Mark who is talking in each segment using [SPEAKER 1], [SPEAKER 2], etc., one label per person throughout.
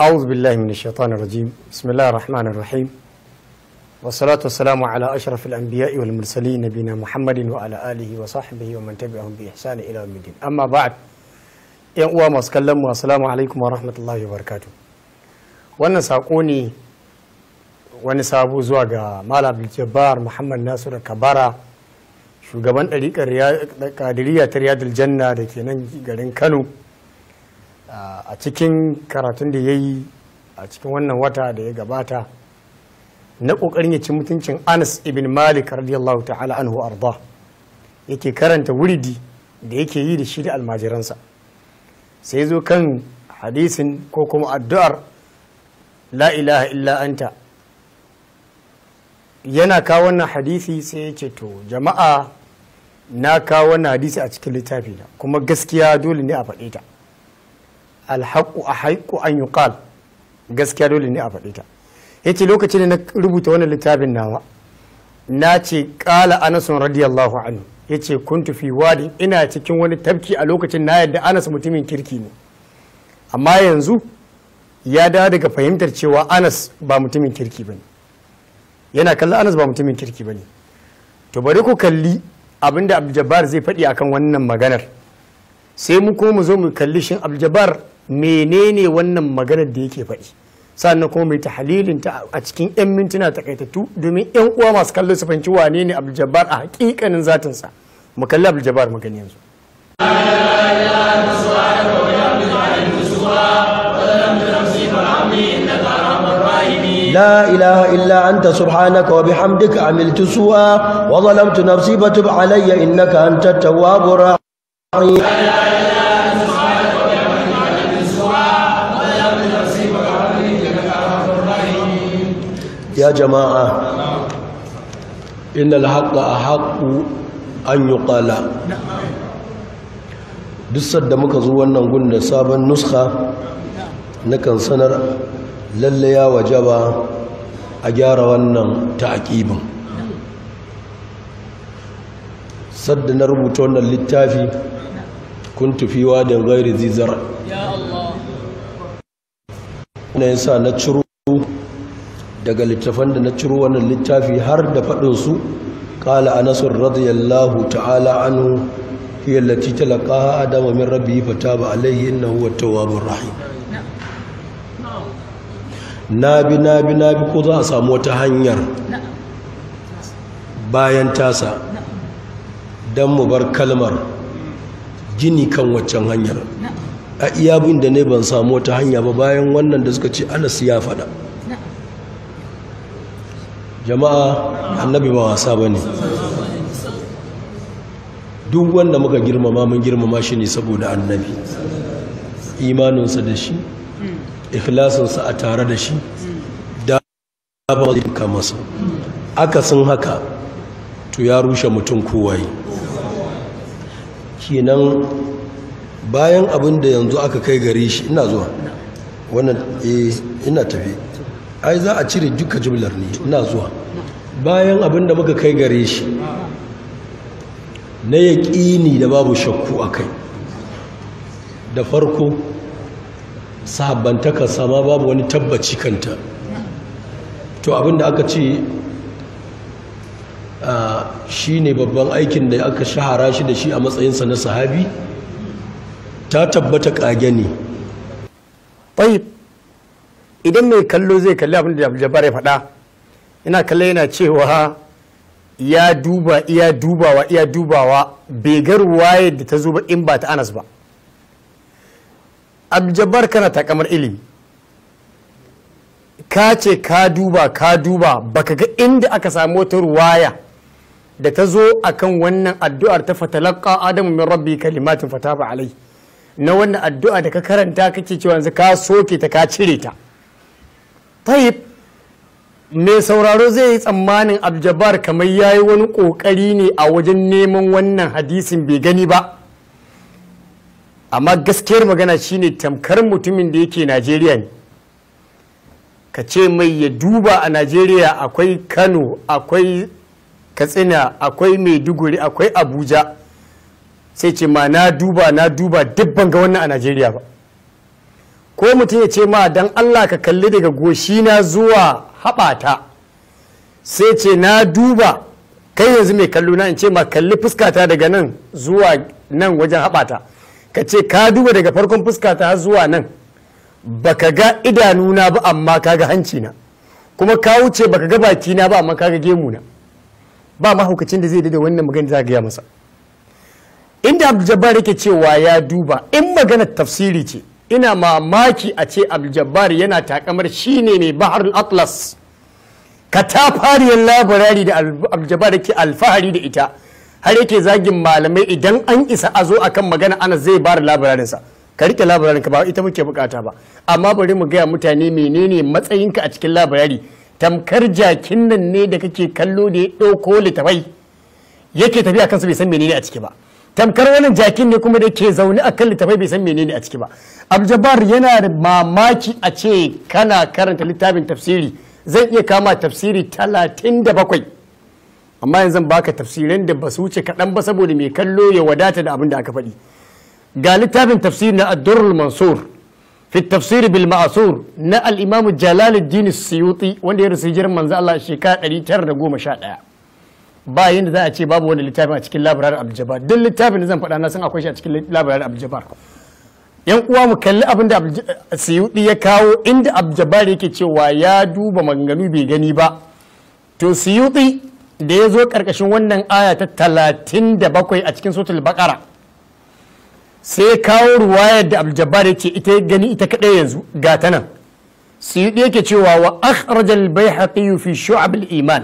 [SPEAKER 1] أعوذ بالله من الشيطان الرجيم بسم الله الرحمن الرحيم والصلاة والسلام على أشرف الأنبياء والمرسلين نبينا محمد وعلى آله وصحبه ومن تبعهم بإحسان إلى يوم الدين أما بعد ‘yan uwa masu kallon mu assalamu alaikum wa rahmatullahi wa wannan saƙo ne wani sabu zuwa ga malam jabbar muhammad nasiru kabara shugaban ɗariƙar kadiriyya ta riyadul janna da ke nan garin kano a cikin karatun da ya yi a cikin wannan wata da ya gabata na ƙoƙarin ya ci mutuncin anas ibn malik radiyallahu ta'ala anhu arda yake karanta wuridi da yake yi da shi da almajiransa sai zo kan hadisin ko kuma addu'ar la ilaha illa anta yana kawo wannan hadisi sai ya to jama'a na kawo wannan hadisi a cikin littafina kuma gaskiya dole ne a faɗe ta alhaƙu a haƙu an yi ƙal gaskiya dole ne a faɗi ta ya lokacin da na rubuta wani littafin nawa na ce ƙala anasun radiyallahu anhu yace ce kuntu fi wadin ina cikin wani tafki a lokacin na yadda anas mutumin kirki ne amma yanzu ya dawo daga fahimtar cewa anas ba mutumin kirki ba ne yana kallon anas ba mutumin kirki ba ne to bari ku kalli abinda abdul zai faɗi akan wannan maganar sai mu ko mu zo mu kalli shin abdul menene wannan maganar da yake faɗi sannan kuma mai tahalilin ta a cikin 'yan mintuna ta kaitattu domin 'yan uwa masu kallon su fahimci wane ne abdul a hakikanin zatinsa mu kalli abdul-jabbar mu gani yanzu
[SPEAKER 2] لا إله إلا أنت سبحانك وبحمدك عملت سوى وظلمت نفسي فتب علي إنك أنت التواب الرحيم jama'a inal haqqa haqqu an yuqala duk sanda muka zo wannan gun da sabon nuska nakan sanar lalle ya wajaba a gyara wannan taƙibin. sadda na rubuta wannan littafi kun fi wadin ghairi zizar na yasa na ciro daga littafan da na ciro wannan littafi har da faɗinsu ƙala a nasar radiyallahu ta'ala anu hiya lati talaka adama min rabbi fa ba alaihi inna huwa tawwabur rahim nabi nabi nabi ko za a samu wata hanyar bayan tasa dan mu bar kalmar gini kan waccan hanyar a iya bin da ne ban samu wata hanya ba bayan wannan da suka ce anas ya faɗa jama'a annabi ba wasa ba ne duk wanda muka girmama mun girmama shi ne saboda annabi imaninsa da shi ikhlasinsa a tare da shi dafa zai masa sun haka to ya rushe mutum kowai. kenan bayan abin da yanzu aka kai gare shi ina zuwa wannan eh, ina tafi ai za a cire duka jimlar ne ina zuwa bayan abin da muka kai gare shi na yaƙini da babu shakku a kai da farko sahabbantaka sama babu wani tabbaci kanta to abin da aka ce shi ne babban aikin da aka shahara shi da shi a matsayinsa na
[SPEAKER 1] sahabi ta tabbata ƙage ne idan mai kallo zai kalli abin da jabbar ya faɗa ina kalle yana cewa ya duba iya dubawa iya dubawa bai ga ruwaye da ta zo ba in ba ta anas ba abdul kana ta kamar ilimi ka ce ka duba ka duba baka ga inda aka samu wata ruwaya da ta zo a kan wannan addu'ar ta fatalaka adamu min rabbi kalimatin fataba alai na wannan addu'a da ka karanta kake cewa yanzu ka soke ta ka cire ta taib mai sauraro zai yi tsammanin abjabar kamar ya yi wani ƙoƙari ne a wajen neman wannan hadisin bai gani ba amma gaskiyar magana shine tamkar mutumin da yake najeriya ne ka ce mai ya duba a najeriya akwai kano akwai katsina akwai maiduguri akwai abuja sai ce ma na duba na duba duk ga wannan a najeriya ba ko mutum ya ce ma dan Allah ka kalli daga goshina zuwa haɓata sai ce na duba kai yanzu mai kallo na in ce ma kalli fuskata daga nan zuwa nan wajen haɓata ka ce ka duba daga farkon fuskata zuwa nan baka ga idanuna ba amma ka ga hancina kuma ka wuce baka ga bakina ba amma ka ga gemuna ba mahaukacin da zai da wannan magana za gaya masa inda abu jabbar yake cewa ya duba in magana tafsiri ce ina mamaki a ce abdul yana takamar shine mai bahar atlas katafariyar labarari da abdul ke alfahari da ita har yake zagin malamai idan an isa a zo akan magana ana zai ba da labararinsa ka rike ka ba ita muke bukata ba amma bari mu gaya mutane menene matsayinka a cikin labarari tamkar jakin nan ne da kake kallo da ya ɗauko littafai yake tafiya kansa bai san menene a ciki ba tamkar wani jakin ne kuma da ke zaune a kan littafai bai san menene a ciki ba abjabar yana da mamaki a ce kana karanta littafin tafsiri zan iya kama tafsiri talatin da bakwai amma yanzu baka tafsirin da basu wuce kaɗan ba saboda mai kallo ya wadata da abin da aka faɗi ga littafin tafsiri na addurul mansur fi tafsiri bil ma'asur na al-imamu jalaluddin suyuti wanda ya rasu hijirar manzo Allah shekara 911 ba yadda za a ce babu wani littafin a cikin labarar abdul duk littafin da zan faɗa na san akwai shi a cikin labarar abdul yan uwa mu kalli abin da eh, siyudi ya kawo inda abjabar yake cewa ya duba maganganu bai gani ba to siyuɗi da ya zo karkashin wannan aya ta talatin da bakwai a cikin sotul bakara sai ya kawo ruwayar da abjabar yake ita gani ita kaɗai yanzu ga ta nan siyuɗi yake cewa wa akhrajal bayhaqi fi shu'abul iman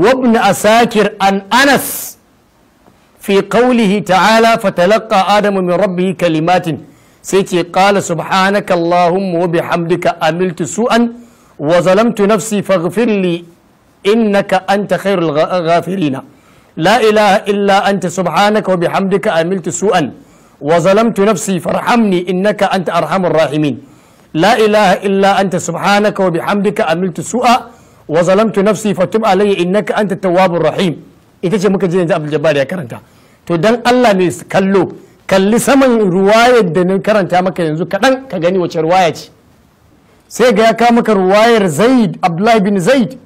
[SPEAKER 1] وابن أساكر عن أنس في قوله تعالى فتلقى آدم من ربه كلمات سيتي قال سبحانك اللهم وبحمدك أملت سوءا وظلمت نفسي فاغفر لي إنك أنت خير الغافرين لا إله إلا أنت سبحانك وبحمدك أملت سوءا وظلمت نفسي فارحمني إنك أنت أرحم الراحمين لا إله إلا أنت سبحانك وبحمدك أملت سوءا wa zalamtu nafsi fatub alayya innaka anta tawwabur rahim ita ce muka je yanzu Abdul ya karanta to dan Allah ne kallo kalli saman ruwayar da na karanta maka yanzu kaɗan ka gani wace ruwaya ce sai ga ya ka maka ruwayar Zaid Abdullahi bin Zaid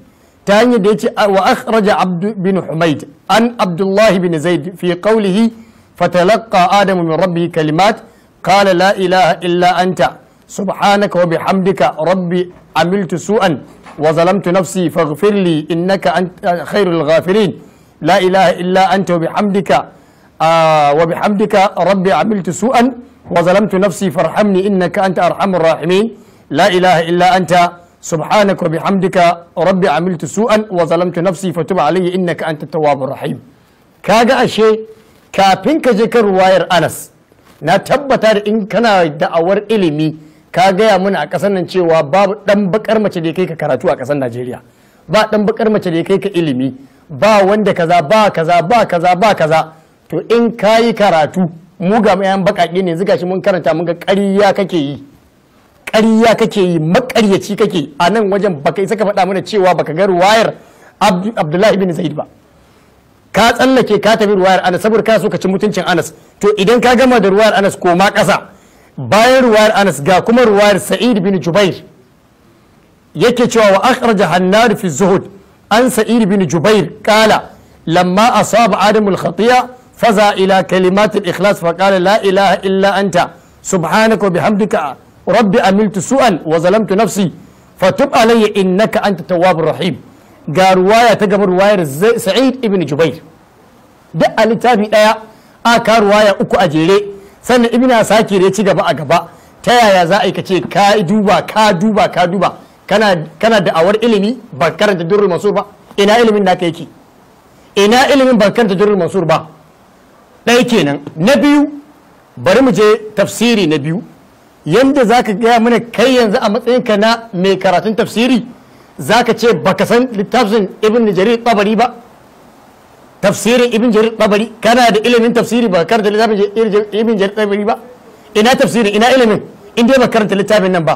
[SPEAKER 1] ta hanyar da ya ce wa akhraja Abdu bin Humaid an Abdullahi bin Zaid fi qawlihi fatalaqa Adamu min rabbi kalimat qala la ilaha illa anta subhanaka wa bihamdika rabbi amiltu su'an وظلمت نفسي فاغفر لي إنك أنت خير الغافرين لا إله إلا أنت وبحمدك آه وبحمدك ربي عملت سوءا وظلمت نفسي فارحمني إنك أنت أرحم الراحمين لا إله إلا أنت سبحانك وبحمدك ربي عملت سوءا وظلمت نفسي فتب علي إنك أنت التواب الرحيم كاجا أشي كابين كجكر واير أنس na tabbata da in kana da'awar ilimi ka gaya mana a ƙasar nan cewa babu ɗan bakar mace da ya kai ka karatu a ƙasar Najeriya ba ɗan bakar mace da ya kai ka ilimi ba wanda kaza ba kaza ba kaza ba kaza to in ka yi karatu mu ga mayan baƙaƙe ne zuga shi mun karanta mun ga ƙarya kake yi ƙarya kake yi maƙaryaci kake a nan wajen baka isa ka faɗa mana cewa baka ga ruwayar Abdullahi bin Zaid ba ka tsallake ka tafi ruwayar Anas saboda ka so ka ci mutuncin Anas to idan ka gama da ruwayar Anas ko ma ƙasa bayan ruwayar anas ga kuma ruwayar sa'id bin jubair yake cewa wa akhraja hannar fi zuhud an sa'id bin jubair kala lamma asaba adamu al-khatiya faza ila kalimat al-ikhlas fa qala la ilaha illa anta subhanaka wa bihamdika rabbi amiltu su'an wa zalamtu nafsi fatub alayya innaka anta tawwabur rahim ga ruwaya ta gaba ruwayar sa'id ibn jubair duk a littafi daya aka ruwaya uku a jere sannan ibn da ya ci gaba a gaba ta yaya za a yi kace ka duba ka duba ka duba kana kana da'awar ilimi ba karanta durrul mansur ba ina ilimin naka yake ina ilimin ba karanta durrul mansur ba ɗaya kenan na biyu bari mu je tafsiri na biyu yanda za ka gaya mana kai yanzu a matsayinka na mai karatun tafsiri za ka ce baka san littafin ibn jarir tabari ba tafsirin ibn jarir babari kana da ilimin tafsiri ba karanta littafin ibn jarir babari ba ina tafsirin ina ilimin in dai ba karanta littafin nan ba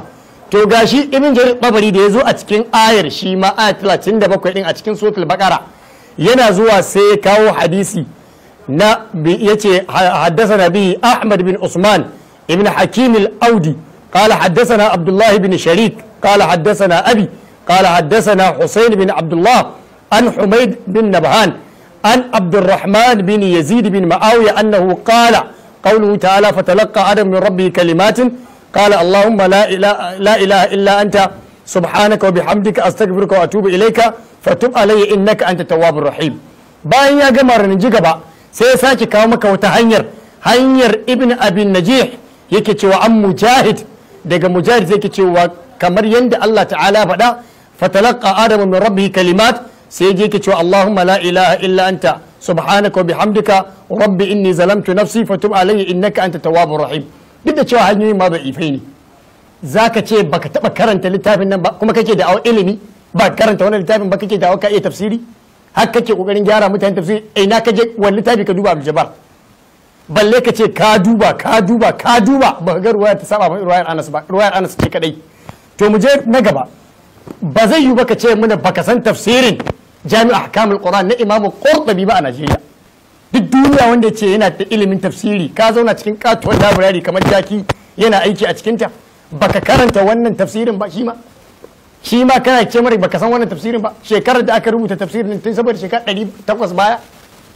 [SPEAKER 1] to gashi ibn jarir babari da ya zo a cikin ayar shi ma aya 37 din a cikin suratul baqara yana zuwa sai ya kawo hadisi na yace haddathana bi ahmad bin usman ibn hakim al-audi قال حدثنا عبد الله بن شريك قال حدثنا أبي قال حدثنا حسين بن عبد الله عن حميد بن نبهان عن عبد الرحمن بن يزيد بن معاوية أنه قال قوله تعالى فتلقى آدم من ربه كلمات قال اللهم لا إله, لا tuba ilaika أنت سبحانك وبحمدك أستغفرك وأتوب إليك فتب علي إنك أنت التواب الرحيم bayan ya gama ranar sai yasa sake kawo maka wata hanyar hanyar ibn abin najih yake cewa an mujahid daga mujahid zai ke cewa kamar yadda allah ta'ala faɗa fatalaka adamu min rabbi kalimat sai je ki cewa Allahumma la ilaha illa anta subhanaka wa bihamdika rabbi inni zalamtu nafsi fatub alayya innaka anta tawwabur rahim duk da cewa hanyoyin ma da'ifai ne zaka ce baka taba karanta littafin nan ba kuma kake da ilimi ba karanta wani littafin ba kake da ka iya tafsiri har kake kokarin gyara mutane tafsiri ina eh, ka je wani littafi ka duba aljabar balle ka ce ka duba ka duba ka duba ba ga ruwaya ta saba mai ruwayar Anas ba ruwayar Anas ce kadai to mu je na gaba ba zai yi ba ka ce mana baka san tafsirin jami'a ahkamul quran na imamu qurtubi ba a najeriya duk duniya wanda ce yana da ilimin tafsiri ka zauna cikin katuwar labirari kamar jaki yana aiki a cikinta baka karanta wannan tafsirin ba shi ma shi ma kana ce mara baka san wannan tafsirin ba shekarar da aka rubuta tafsirin tun saboda shekara ɗari takwas baya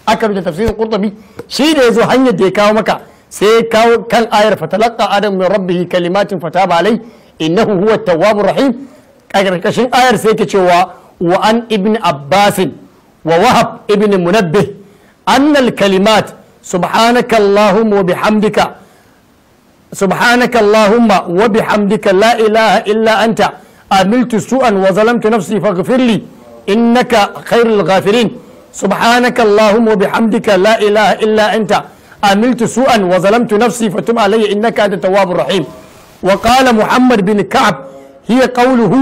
[SPEAKER 1] aka rubuta tafsirin qurtubi shi da zo hanyar da ya kawo maka sai kawo kan ayar fatalaqa adam min rabbih kalimatin fataba alai innahu huwa tawwabur rahim a ƙarƙashin ayar sai ke cewa وعن ابن عباس ووهب ابن منبه أن الكلمات سبحانك اللهم وبحمدك سبحانك اللهم وبحمدك لا إله إلا أنت عملت سوءا وظلمت نفسي فاغفر لي إنك خير الغافرين سبحانك اللهم وبحمدك لا إله إلا أنت عملت سوءا وظلمت نفسي فتب علي إنك أنت التواب الرحيم وقال محمد بن كعب هي قوله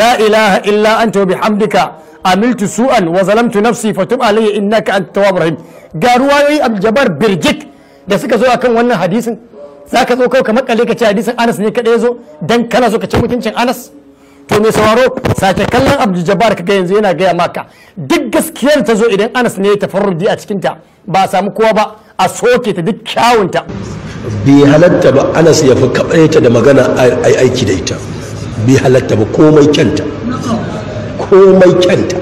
[SPEAKER 1] la ilaha illa anta wa bihamdika amiltu su'an wa zalamtu nafsi fatub alayya innaka antat tawwabur rahim ga ruwayoyi abjabar birjik da suka zo akan wannan hadisin zaka zo kawai ka makale ka ce hadisin Anas ne kadai zo dan kana zo ka ci mutuncin Anas to mai sauraro sake kallon Abdul ka ga yanzu yana gaya maka duk gaskiyar ta zo idan Anas ne ya tafarrudi a cikin ta ba a samu kowa ba a soke ta duk kyawunta
[SPEAKER 2] bi halatta ba Anas ya fi kaɓaita da magana ai aiki da ita Bi halatta ba komai kyanta komai kyanta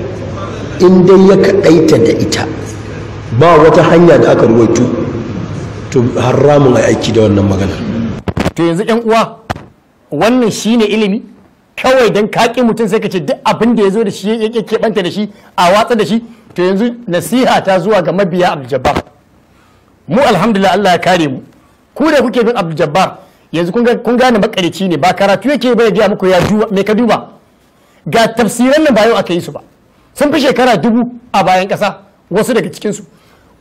[SPEAKER 1] in dai ya kaɗaita da ita
[SPEAKER 2] ba wata hanya da aka ruwaito to haramun a aiki da wannan magana
[SPEAKER 1] to yanzu yan uwa wannan shine ilimi kawai don kaƙi mutum sai ka ce duk abin da ya zo da shi ya keɓanta da shi a watsa da shi to yanzu nasiha ta zuwa ga mabiya abdul mu alhamdulillah Allah ya kare mu ku da kuke bin abdul yanzu kun gane makarici ne ba karatu yake bai gaya muku ya duba me ka duba ga tafsiran nan ba yau aka yi su ba sun fi shekara dubu a bayan kasa wasu daga cikin su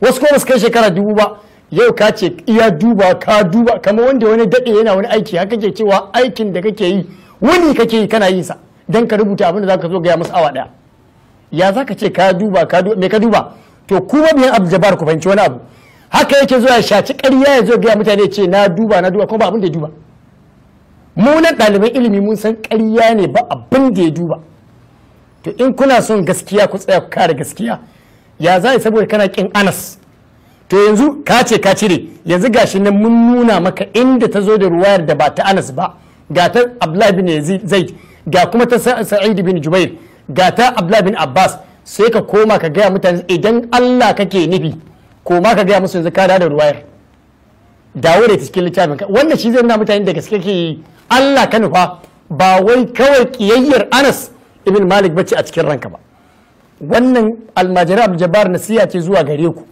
[SPEAKER 1] wasu kuma su kai shekara dubu ba yau ka ce iya duba ka duba kamar wanda wani daɗe yana wani aiki haka ke cewa aikin da kake yi wani kake yi kana yin sa dan ka rubuta abin da zaka zo gaya musu awa ɗaya ya zaka ce ka duba ka duba me ka duba to kuma biyan abdul jabbar ku fahimci wani abu haka yake zuwa ya shaci ƙarya ya zo gaya mutane ce na duba na duba kuma ba abin da ya duba mu na ɗaliban ilimi mun san ƙarya ne ba abin da ya duba to in kuna son gaskiya ku tsaya ku kare gaskiya ya za saboda kana kin anas to yanzu ka ce ka cire yanzu gashi nan mun nuna maka inda ta zo da ruwayar da ba ta anas ba ga ta abdullahi bin zaid ga kuma ta sa'id bin jubair ga ta abdullahi bin abbas sai ka koma ka gaya mutane idan allah kake nufi ko ma ka gaya musu yanzu ka da ruwayar dawo da cikin littafin wannan shi zai nuna mutane da gaske ke Allah ka nufa ba wai kawai kiyayyar Anas ibn Malik bace a cikin ranka ba wannan almajira abu jabbar nasiya ce zuwa gare ku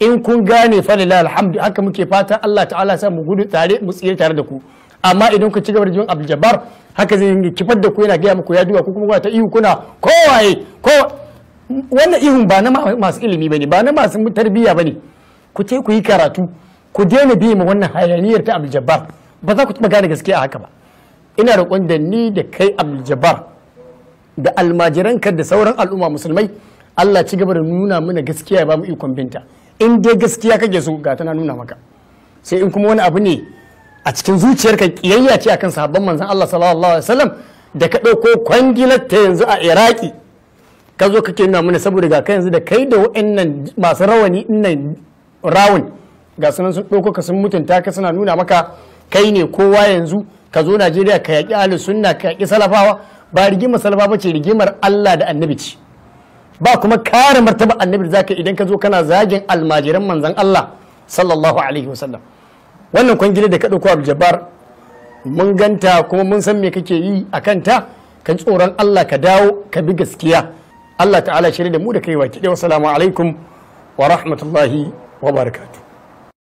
[SPEAKER 1] in kun gane fa lillahi alhamdu haka muke fata Allah ta'ala sa mu gudu tare mu tsire tare da ku amma idan ku ci gaba da jin abu jabbar haka zai kifar da ku yana gaya muku ya duwa ku kuma ta iyu kuna kowaye ko. wannan ihun ba na masu ilimi bane ba na masu tarbiyya bane ku ce ku yi karatu ku daina biyu ma wannan hayaniyar ta Abuljabbar ba za ku taɓa gane gaskiya haka ba ina roƙon da ni da kai Abuljabbar da da almajiranka da sauran al'umma musulmai Allah ci gaba da nuna mana gaskiya ya ba mu ikon binta in dai gaskiya kake so ga tana nuna maka sai in kuma wani abu ne a cikin zuciyarka kiyayya ce akan sahabban manzon Allah sallallahu alaihi wasallam da ka ɗauko kwangilar ta yanzu a Iraki ka zo kake nuna mana saboda ga kai yanzu da kai da wa'annan masu rawani nan rawun ga sunan sun ɗauko ka sun mutunta ka suna nuna maka kai ne kowa yanzu ka zo Najeriya ka yaƙi ahlus sunna ka yaƙi salafawa ba rigimar salafa ce rigimar Allah da annabi ce ba kuma kare martaba annabi zaka idan ka zo kana zagin almajiran manzon Allah sallallahu alaihi wasallam wannan kwangila da ka ɗauko abu Jabbar mun ganta kuma mun san me kake yi a kanta? ka tsoron Allah ka dawo ka bi gaskiya Allah ta'ala shirya da mu da kai baki ɗaya wassalamu alaikum wa rahmatullahi wa barakatuh